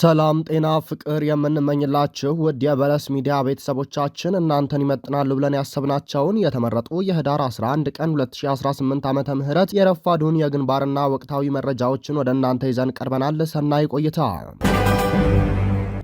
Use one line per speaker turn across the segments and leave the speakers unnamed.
ሰላም ጤና ፍቅር የምንመኝላችሁ ውድ የበለስ ሚዲያ ቤተሰቦቻችን እናንተን ይመጥናሉ ብለን ያሰብናቸውን የተመረጡ የህዳር 11 ቀን 2018 ዓ ም የረፋዱን የግንባርና ወቅታዊ መረጃዎችን ወደ እናንተ ይዘን ቀርበናል። ሰናይ ቆይታ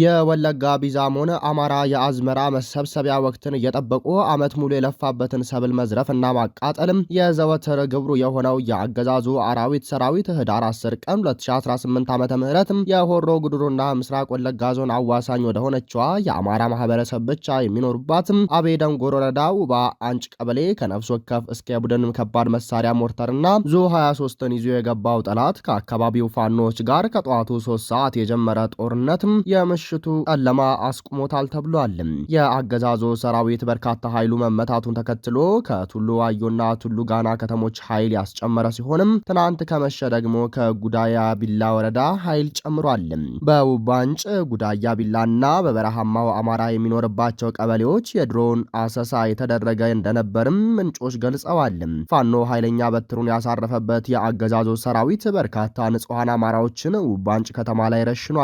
የወለጋ ቢዛም ሆነ አማራ የአዝመራ መሰብሰቢያ ወቅትን እየጠበቁ አመት ሙሉ የለፋበትን ሰብል መዝረፍ እና ማቃጠልም የዘወትር ግብሩ የሆነው የአገዛዙ አራዊት ሰራዊት ህዳር 10 ቀን 2018 ዓ ም የሆሮ ጉድሩና ምስራቅ ወለጋ ዞን አዋሳኝ ወደሆነችዋ የአማራ ማህበረሰብ ብቻ የሚኖሩባትም አቤ ደንጎር ወረዳ ውባ አንጭ ቀበሌ ከነፍስ ወከፍ እስከ ቡድን ከባድ መሳሪያ ሞርተርና ዙ 23ን ይዞ የገባው ጠላት ከአካባቢው ፋኖች ጋር ከጠዋቱ 3 ሰዓት የጀመረ ጦርነትም የምሽ ምሽቱ ጨለማ አስቁሞታል ተብሏል። የአገዛዞ ሰራዊት በርካታ ኃይሉ መመታቱን ተከትሎ ከቱሉ ዋዮና ቱሉ ጋና ከተሞች ኃይል ያስጨመረ ሲሆንም ትናንት ከመሸ ደግሞ ከጉዳያ ቢላ ወረዳ ኃይል ጨምሯል። በውባንጭ ጉዳያ ቢላና በበረሃማው አማራ የሚኖርባቸው ቀበሌዎች የድሮን አሰሳ የተደረገ እንደነበርም ምንጮች ገልጸዋል። ፋኖ ኃይለኛ በትሩን ያሳረፈበት የአገዛዞ ሰራዊት በርካታ ንጹሐን አማራዎችን ውባንጭ ከተማ ላይ ረሽኗል።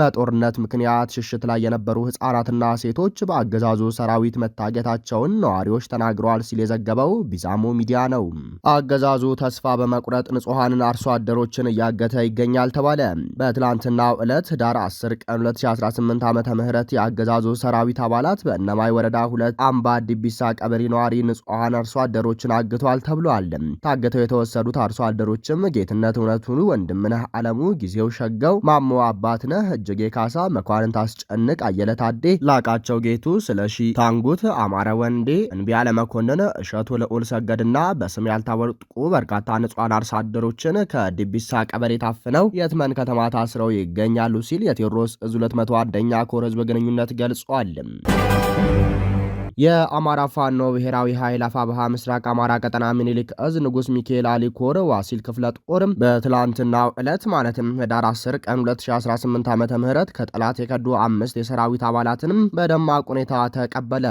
በጦርነት ምክንያት ሽሽት ላይ የነበሩ ህጻናትና ሴቶች በአገዛዙ ሰራዊት መታገታቸውን ነዋሪዎች ተናግረዋል ሲል የዘገበው ቢዛሞ ሚዲያ ነው። አገዛዙ ተስፋ በመቁረጥ ንጹሐንን አርሶ አደሮችን እያገተ ይገኛል ተባለ። በትላንትናው ዕለት ህዳር 10 ቀን 2018 ዓመተ ምህረት የአገዛዙ ሰራዊት አባላት በእነማይ ወረዳ ሁለት አምባ ዲቢሳ ቀበሌ ነዋሪ ንጹሐን አርሶ አደሮችን አግተዋል ተብሏል። ታግተው የተወሰዱት አርሶ አደሮችም ጌትነት እውነቱን፣ ወንድምነህ አለሙ፣ ጊዜው ሸገው፣ ማሞ አባትነህ፣ እጅጌ ካሳ፣ ስኳርን ታስጨንቅ፣ አየለ ታዴ፣ ላቃቸው ጌቱ፣ ስለሺ ታንጉት፣ አማረ ወንዴ፣ እንቢያለ መኮንን፣ እሸቱ ልዑል ሰገድና በስም ያልታወቁ በርካታ ንጹሐን አርሶ አደሮችን ከድቢሳ ቀበሌ ታፍነው የትመን ከተማ ታስረው ይገኛሉ ሲል የቴዎድሮስ እዝ 201ኛ ኮር ህዝብ ግንኙነት ገልጿል። የአማራ ፋኖ ብሔራዊ ኃይል አፋብሃ ምስራቅ አማራ ቀጠና ሚኒሊክ እዝ ንጉስ ሚካኤል አሊኮር ዋሲል ክፍለ ጦርም በትላንትናው ዕለት ማለትም ህዳር 10 ቀን 2018 ዓ ም ከጠላት የከዱ አምስት የሰራዊት አባላትንም በደማቅ ሁኔታ ተቀበለ።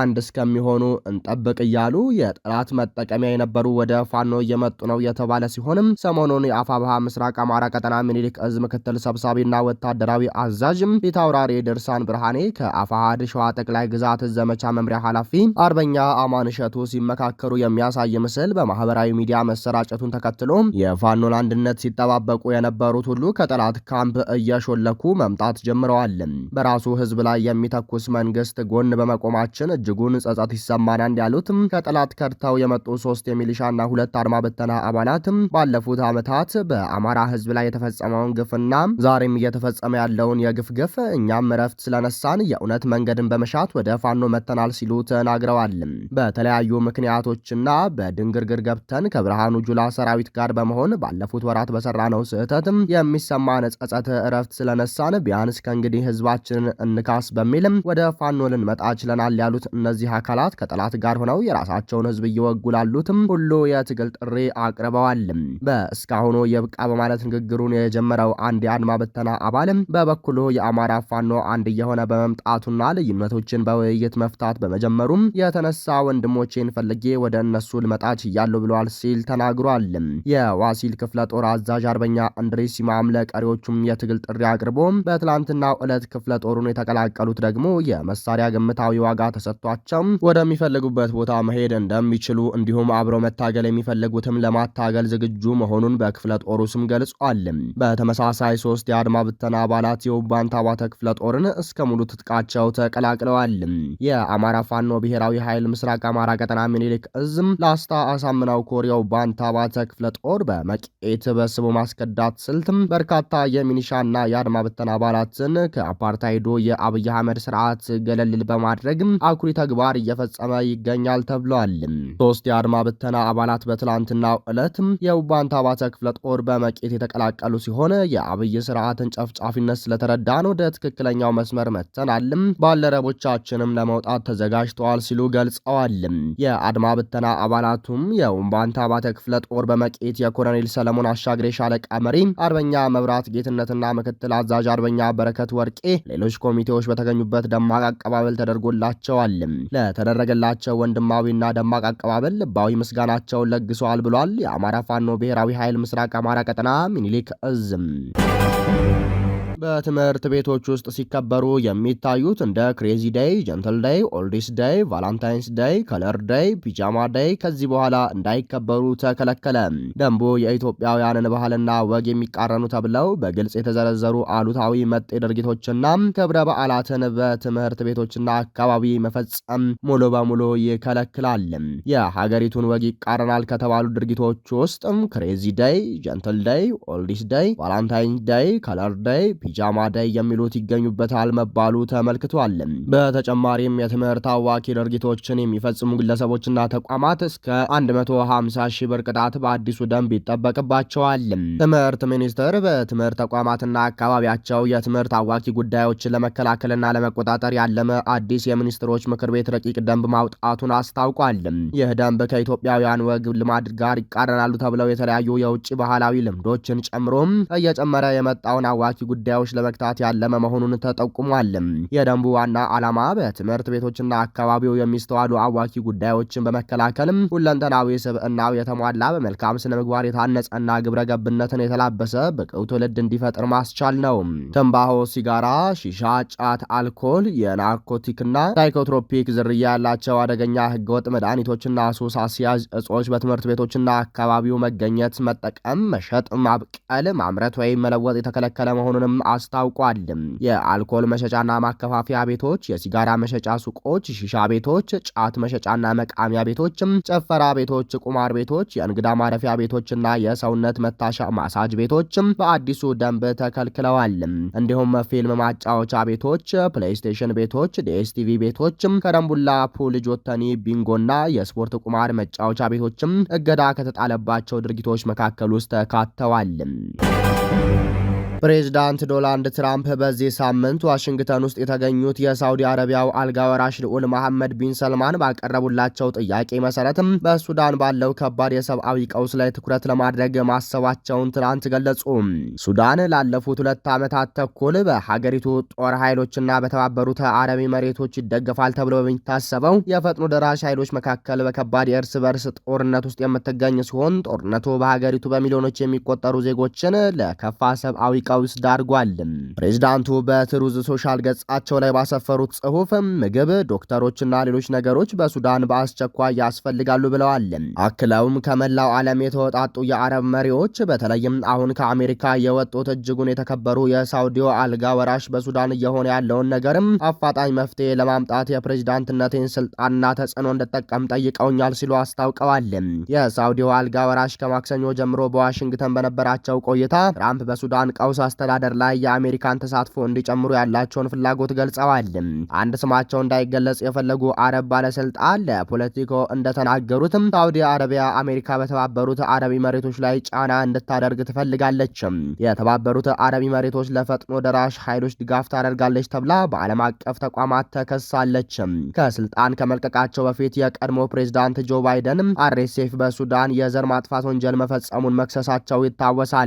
አንድ እስከሚሆኑ እንጠብቅ እያሉ የጠላት መጠቀሚያ የነበሩ ወደ ፋኖ እየመጡ ነው የተባለ ሲሆንም ሰሞኑን የአፋብሃ ምስራቅ አማራ ቀጠና ሚኒሊክ እዝ ምክትል ሰብሳቢና ወታደራዊ አዛዥም ፊታውራሪ ድርሳን ብርሃኔ ከአፋሃድ ሸዋ ጠቅላይ ግዛት ዘመቻ መምሪያ ኃላፊ አርበኛ አማንሸቱ ሲመካከሩ የሚያሳይ ምስል በማህበራዊ ሚዲያ መሰራጨቱን ተከትሎ የፋኖን አንድነት ሲጠባበቁ የነበሩት ሁሉ ከጠላት ካምፕ እየሾለኩ መምጣት ጀምረዋል። በራሱ ህዝብ ላይ የሚተኩስ መንግስት ጎን በመቆማችን እጅጉን ጸጸት ይሰማናል ያሉት ከጠላት ከድተው የመጡ ሶስት የሚሊሻና ሁለት አድማ በተና አባላት ባለፉት ዓመታት በአማራ ህዝብ ላይ የተፈጸመውን ግፍና ዛሬም እየተፈጸመ ያለውን የግፍ ግፍ እኛም እረፍት ስለነሳን የእውነት መንገድን በመሻት ወደ ፋኖ መተናል ሲሉ ተናግረዋል። በተለያዩ ምክንያቶችና በድንግርግር ገብተን ከብርሃኑ ጁላ ሰራዊት ጋር በመሆን ባለፉት ወራት በሰራነው ስህተትም የሚሰማ ነጸጸት እረፍት ስለነሳን ቢያንስ ከእንግዲህ ህዝባችንን እንካስ በሚልም ወደ ፋኖ ልንመጣ ችለናል ያሉት እነዚህ አካላት ከጠላት ጋር ሆነው የራሳቸውን ህዝብ እየወጉ ላሉትም ሁሉ የትግል ጥሪ አቅርበዋል። በእስካሁኑ የብቃ በማለት ንግግሩን የጀመረው አንድ የአድማ ብተና አባል በበኩሉ የአማራ ፋኖ አንድ እየሆነ በመምጣቱና ልዩነቶችን በውይይት መፍታት በመጀመሩም የተነሳ ወንድሞቼን ፈልጌ ወደ እነሱ ልመጣች ችያለሁ ብለዋል ሲል ተናግሯል። የዋሲል ክፍለ ጦር አዛዥ አርበኛ እንድሬ ሲማም ለቀሪዎቹም የትግል ጥሪ አቅርቦ በትላንትናው ዕለት ክፍለ ጦሩን የተቀላቀሉት ደግሞ የመሳሪያ ግምታዊ ዋጋ ተሰጥቷቸው ወደሚፈልጉበት ቦታ መሄድ እንደሚችሉ እንዲሁም አብረው መታገል የሚፈልጉትም ለማታገል ዝግጁ መሆኑን በክፍለ ጦሩ ስም ገልጿል። በተመሳሳይ ሶስት የአድማ ብተና አባላት የውባንታ ባተ ክፍለ ጦርን እስከ ሙሉ ትጥቃቸው ተቀላቅለዋል። የአማራ የአማራ ፋኖ ብሔራዊ ኃይል ምስራቅ አማራ ቀጠና ሚኒሊክ እዝም ላስታ አሳምናው ኮሪያው ባንታባተ ክፍለ ጦር በመቄት በስቡ ማስከዳት ስልትም በርካታ የሚኒሻና የአድማ ብተን አባላትን ከአፓርታይዶ የአብይ አህመድ ስርዓት ገለልል በማድረግም አኩሪ ተግባር እየፈጸመ ይገኛል ተብሏል። ሶስት የአድማ ብተና አባላት በትላንትናው ዕለትም የውባንታባተ ክፍለ ጦር በመቄት የተቀላቀሉ ሲሆን የአብይ ስርዓትን ጨፍጫፊነት ስለተረዳን ወደ ትክክለኛው መስመር መተናልም ባልደረቦቻችንም ለመውጣት ተዘ ተዘጋጅተዋል ሲሉ ገልጸዋል። የአድማ ብተና አባላቱም የኡምባንታ አባተ ክፍለ ጦር በመቄት የኮሎኔል ሰለሞን አሻግሬ ሻለቃ መሪ አርበኛ መብራት ጌትነትና ምክትል አዛዥ አርበኛ በረከት ወርቄ፣ ሌሎች ኮሚቴዎች በተገኙበት ደማቅ አቀባበል ተደርጎላቸዋል። ለተደረገላቸው ወንድማዊና ደማቅ አቀባበል ልባዊ ምስጋናቸውን ለግሰዋል ብሏል። የአማራ ፋኖ ብሔራዊ ኃይል ምስራቅ አማራ ቀጠና ሚኒሊክ እዝም በትምህርት ቤቶች ውስጥ ሲከበሩ የሚታዩት እንደ ክሬዚ ዳይ፣ ጀንትል ዳይ፣ ኦልዲስ ዳይ፣ ቫላንታይንስ ዳይ፣ ከለር ዳይ፣ ፒጃማ ዳይ ከዚህ በኋላ እንዳይከበሩ ተከለከለ። ደንቡ የኢትዮጵያውያንን ባህልና ወግ የሚቃረኑ ተብለው በግልጽ የተዘረዘሩ አሉታዊ መጤ ድርጊቶችና ክብረ በዓላትን በትምህርት ቤቶችና አካባቢ መፈጸም ሙሉ በሙሉ ይከለክላል። የሀገሪቱን ወግ ይቃረናል ከተባሉ ድርጊቶች ውስጥም ክሬዚ ዳይ፣ ጀንትል ዳይ፣ ኦልዲስ ዳይ፣ ቫላንታይን ዳይ፣ ከለር ዳይ፣ ፒጃማ ደይ የሚሉት ይገኙበታል መባሉ ተመልክቷል። በተጨማሪም የትምህርት አዋኪ ድርጊቶችን የሚፈጽሙ ግለሰቦችና ተቋማት እስከ 150 ሺህ ብር ቅጣት በአዲሱ ደንብ ይጠበቅባቸዋል። ትምህርት ሚኒስቴር በትምህርት ተቋማትና አካባቢያቸው የትምህርት አዋኪ ጉዳዮችን ለመከላከልና ለመቆጣጠር ያለመ አዲስ የሚኒስትሮች ምክር ቤት ረቂቅ ደንብ ማውጣቱን አስታውቋል። ይህ ደንብ ከኢትዮጵያውያን ወግ ልማድ ጋር ይቃረናሉ ተብለው የተለያዩ የውጭ ባህላዊ ልምዶችን ጨምሮም እየጨመረ የመጣውን አዋኪ ጉዳዮች ጉዳዮች ለመግታት ያለመ መሆኑን ተጠቁሟል። የደንቡ ዋና ዓላማ በትምህርት ቤቶችና አካባቢው የሚስተዋሉ አዋኪ ጉዳዮችን በመከላከልም ሁለንተናዊ ስብዕናው የተሟላ በመልካም ስነ ምግባር የታነጸና ግብረ ገብነትን የተላበሰ ብቁ ትውልድ እንዲፈጥር ማስቻል ነው። ትንባሆ፣ ሲጋራ፣ ሺሻ፣ ጫት፣ አልኮል፣ የናርኮቲክና ሳይኮትሮፒክ ዝርያ ያላቸው አደገኛ ህገወጥ መድኃኒቶችና ሱስ አስያዥ እጾች በትምህርት ቤቶችና አካባቢው መገኘት፣ መጠቀም፣ መሸጥ፣ ማብቀል፣ ማምረት ወይም መለወጥ የተከለከለ መሆኑንም አስታውቋል። የአልኮል መሸጫና ማከፋፈያ ቤቶች፣ የሲጋራ መሸጫ ሱቆች፣ ሺሻ ቤቶች፣ ጫት መሸጫና መቃሚያ ቤቶች፣ ጨፈራ ቤቶች፣ ቁማር ቤቶች፣ የእንግዳ ማረፊያ ቤቶችና የሰውነት መታሻ ማሳጅ ቤቶች በአዲሱ ደንብ ተከልክለዋል። እንዲሁም ፊልም ማጫወቻ ቤቶች፣ ፕሌይስቴሽን ቤቶች፣ ዲኤስቲቪ ቤቶች፣ ከረምቡላ፣ ፑል፣ ጆተኒ፣ ቢንጎና የስፖርት ቁማር መጫወቻ ቤቶችም እገዳ ከተጣለባቸው ድርጊቶች መካከል ውስጥ ተካተዋል። ፕሬዚዳንት ዶናልድ ትራምፕ በዚህ ሳምንት ዋሽንግተን ውስጥ የተገኙት የሳውዲ አረቢያው ወራሽ ልዑል መሐመድ ቢን ሰልማን ባቀረቡላቸው ጥያቄ መሰረትም በሱዳን ባለው ከባድ የሰብአዊ ቀውስ ላይ ትኩረት ለማድረግ ማሰባቸውን ትናንት ገለጹ። ሱዳን ላለፉት ሁለት ዓመታት ተኩል በሀገሪቱ ጦር ኃይሎችና በተባበሩት አረቢ መሬቶች ይደገፋል ተብሎ በሚታሰበው የፈጥኖ ደራሽ ኃይሎች መካከል በከባድ የእርስ በርስ ጦርነት ውስጥ የምትገኝ ሲሆን ጦርነቱ በሀገሪቱ በሚሊዮኖች የሚቆጠሩ ዜጎችን ለከፋ ሰብአዊ ቀውስ ዳርጓል። ፕሬዚዳንቱ በትሩዝ ሶሻል ገጻቸው ላይ ባሰፈሩት ጽሁፍ ምግብ፣ ዶክተሮችና ሌሎች ነገሮች በሱዳን በአስቸኳይ ያስፈልጋሉ ብለዋል። አክለውም ከመላው ዓለም የተወጣጡ የአረብ መሪዎች በተለይም አሁን ከአሜሪካ የወጡት እጅጉን የተከበሩ የሳውዲው አልጋ ወራሽ በሱዳን እየሆነ ያለውን ነገርም አፋጣኝ መፍትሄ ለማምጣት የፕሬዚዳንትነቴን ስልጣንና ተጽዕኖ እንድጠቀም ጠይቀውኛል ሲሉ አስታውቀዋል። የሳውዲው አልጋ ወራሽ ከማክሰኞ ጀምሮ በዋሽንግተን በነበራቸው ቆይታ ትራምፕ በሱዳን ቀውስ በላሩስ አስተዳደር ላይ የአሜሪካን ተሳትፎ እንዲጨምሩ ያላቸውን ፍላጎት ገልጸዋል። አንድ ስማቸው እንዳይገለጽ የፈለጉ አረብ ባለስልጣን ለፖለቲኮ እንደተናገሩትም ሳውዲ አረቢያ አሜሪካ በተባበሩት አረብ መሬቶች ላይ ጫና እንድታደርግ ትፈልጋለች። የተባበሩት አረብ መሬቶች ለፈጥኖ ደራሽ ኃይሎች ድጋፍ ታደርጋለች ተብላ በዓለም አቀፍ ተቋማት ተከሳለች። ከስልጣን ከመልቀቃቸው በፊት የቀድሞ ፕሬዚዳንት ጆ ባይደን አርኤስኤፍ በሱዳን የዘር ማጥፋት ወንጀል መፈጸሙን መክሰሳቸው ይታወሳል።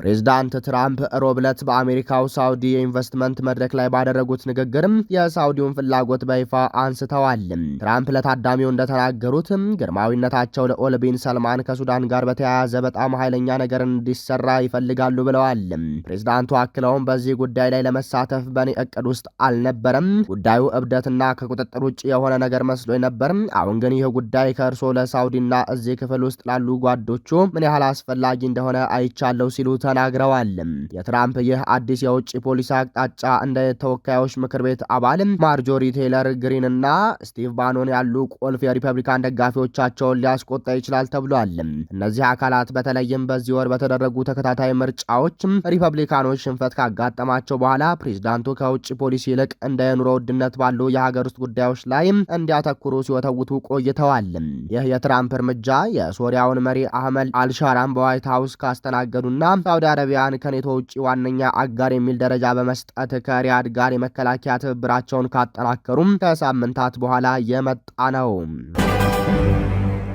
ፕሬዚዳንት ትራምፕ ሮብ ዕለት በአሜሪካው ሳውዲ የኢንቨስትመንት መድረክ ላይ ባደረጉት ንግግርም የሳውዲውን ፍላጎት በይፋ አንስተዋል። ትራምፕ ለታዳሚው እንደተናገሩት ግርማዊነታቸው ለኦልቢን ቢን ሰልማን ከሱዳን ጋር በተያያዘ በጣም ኃይለኛ ነገር እንዲሰራ ይፈልጋሉ ብለዋል። ፕሬዚዳንቱ አክለውም በዚህ ጉዳይ ላይ ለመሳተፍ በእኔ እቅድ ውስጥ አልነበረም። ጉዳዩ እብደትና ከቁጥጥር ውጭ የሆነ ነገር መስሎ ነበር። አሁን ግን ይህ ጉዳይ ከእርሶ ለሳውዲና እዚህ ክፍል ውስጥ ላሉ ጓዶቹ ምን ያህል አስፈላጊ እንደሆነ አይቻለው ሲሉ ተናግረዋል። የትራምፕ ይህ አዲስ የውጭ ፖሊሲ አቅጣጫ እንደ ተወካዮች ምክር ቤት አባል ማርጆሪ ቴይለር ግሪን እና ስቲቭ ባኖን ያሉ ቁልፍ የሪፐብሊካን ደጋፊዎቻቸውን ሊያስቆጣ ይችላል ተብሏል። እነዚህ አካላት በተለይም በዚህ ወር በተደረጉ ተከታታይ ምርጫዎች ሪፐብሊካኖች ሽንፈት ካጋጠማቸው በኋላ ፕሬዚዳንቱ ከውጭ ፖሊሲ ይልቅ እንደ የኑሮ ውድነት ባሉ የሀገር ውስጥ ጉዳዮች ላይ እንዲያተኩሩ ሲወተውቱ ቆይተዋል። ይህ የትራምፕ እርምጃ የሶሪያውን መሪ አህመድ አልሻራም በዋይት ሀውስ ካስተናገዱና ሳውዲ አረቢያን ከኔቶ ውጭ ውጭ ዋነኛ አጋር የሚል ደረጃ በመስጠት ከሪያድ ጋር የመከላከያ ትብብራቸውን ካጠናከሩም ከሳምንታት በኋላ የመጣ ነው።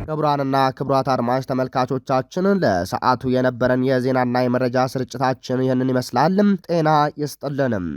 ክቡራንና ክቡራት አድማጭ ተመልካቾቻችን ለሰዓቱ የነበረን የዜናና የመረጃ ስርጭታችን ይህንን ይመስላል። ጤና ይስጥልንም።